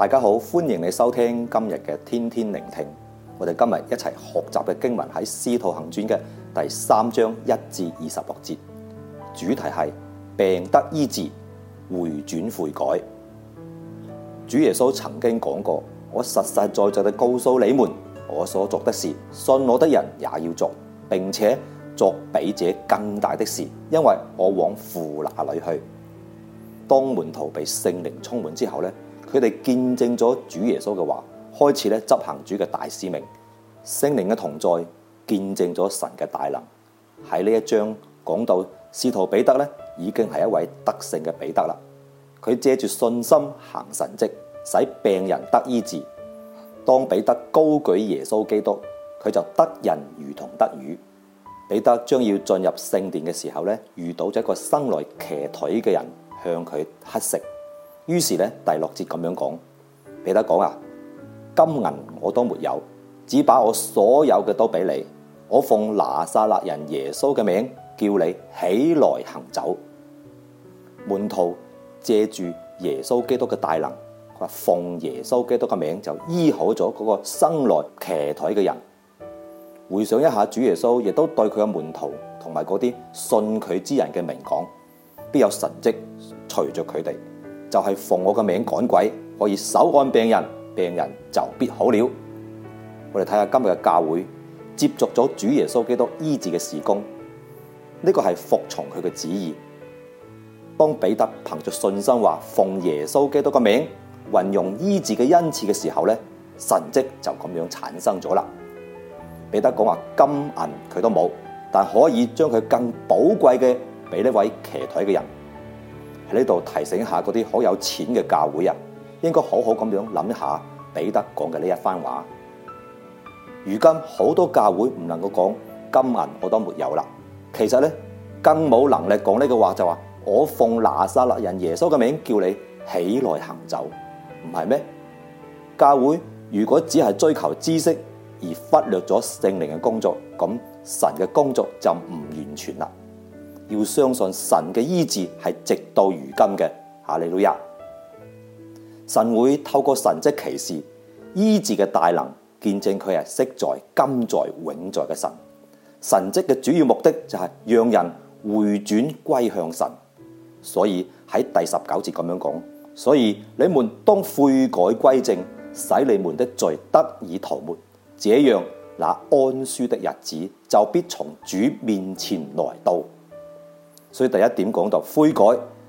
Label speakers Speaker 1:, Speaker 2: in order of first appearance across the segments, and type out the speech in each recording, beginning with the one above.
Speaker 1: 大家好，歡迎你收聽今日嘅天天靈聽。我哋今日一齊學習嘅經文喺《使徒行傳》嘅第三章一至二十六節，主題係病得醫治，回轉悔改。主耶穌曾經講過：「我實實在在地告訴你們，我所作的事，信我的人也要作，並且作比這更大的事，因為我往父那裏去。當門徒被聖靈充滿之後呢。佢哋見證咗主耶穌嘅話，開始咧執行主嘅大使命。聖靈嘅同在見證咗神嘅大能。喺呢一章講到，使徒彼得咧已經係一位得勝嘅彼得啦。佢借住信心行神跡，使病人得醫治。當彼得高舉耶穌基督，佢就得人如同得魚。彼得將要進入聖殿嘅時候咧，遇到咗一個生來瘸腿嘅人向佢乞食。於是咧，第六節咁樣講，彼得講啊，金銀我都沒有，只把我所有嘅都俾你。我奉拿撒勒人耶穌嘅名，叫你起來行走。門徒借住耶穌基督嘅大能，佢話奉耶穌基督嘅名就醫好咗嗰個生來瘸腿嘅人。回想一下主耶穌亦都對佢嘅門徒同埋嗰啲信佢之人嘅名講，必有神蹟隨着佢哋，就係、是、奉我個名趕鬼，可以手按病人，病人就必好了。我哋睇下今日嘅教會，接續咗主耶穌基督醫治嘅事工，呢、這個係服從佢嘅旨意。當彼得憑着信心話奉耶穌基督個名運用醫治嘅恩賜嘅時候咧，神蹟就咁樣產生咗啦。彼得講話金銀佢都冇，但可以將佢更寶貴嘅俾呢位瘸腿嘅人。喺呢度提醒一下嗰啲好有錢嘅教會人，應該好好咁樣諗一下彼得講嘅呢一番話。如今好多教會唔能夠講金銀我都沒有啦，其實咧更冇能力講呢句話，就話我奉拿撒勒人耶穌嘅名叫你起來行走，唔係咩？教會如果只係追求知識而忽略咗聖靈嘅工作，咁神嘅工作就唔完全啦。要相信神嘅醫治係直到如今嘅，哈利路亞！神會透過神蹟奇事醫治嘅大能，見證佢係昔在今在永在嘅神。神蹟嘅主要目的就係讓人回轉歸向神，所以喺第十九節咁樣講，所以你們當悔改歸正，使你們的罪得以塗抹，這樣，那安舒的日子就必從主面前來到。所以第一點講到悔改，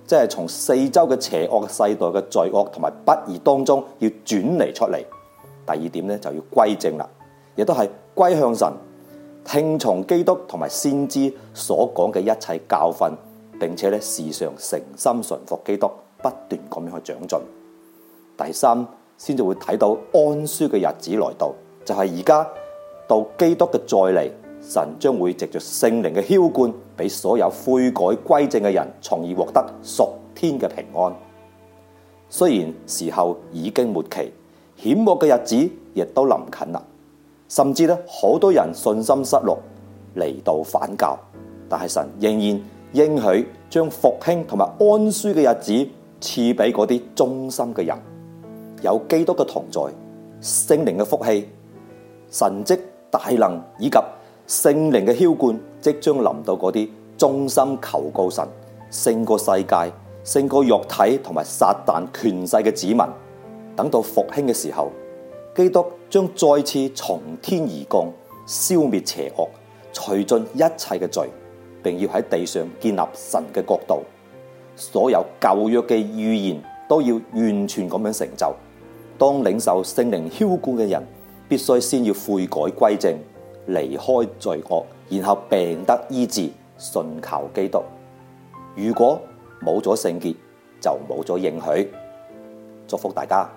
Speaker 1: 即係從四周嘅邪惡世代嘅罪惡同埋不義當中要轉離出嚟。第二點咧就要歸正啦，亦都係歸向神，聽從基督同埋先知所講嘅一切教訓，並且咧時常誠心順服基督，不斷咁樣去長進。第三，先至會睇到安舒嘅日子來到，就係而家到基督嘅再嚟。神將會藉着聖靈嘅澆灌，俾所有悔改歸正嘅人，從而獲得屬天嘅平安。雖然時候已經末期，險惡嘅日子亦都臨近啦，甚至咧好多人信心失落，嚟到反教，但係神仍然應許將復興同埋安舒嘅日子賜俾嗰啲忠心嘅人。有基督嘅同在，聖靈嘅福氣、神跡大能以及。聖靈嘅澆灌即將臨到嗰啲忠心求告神、勝過世界、勝過肉體同埋撒但權勢嘅子民。等到復興嘅時候，基督將再次從天而降，消滅邪惡，除盡一切嘅罪，並要喺地上建立神嘅國度。所有舊約嘅預言都要完全咁樣成就。當領受聖靈澆灌嘅人，必須先要悔改歸正。離開罪惡，然後病得醫治，信求基督。如果冇咗聖潔，就冇咗應許。祝福大家。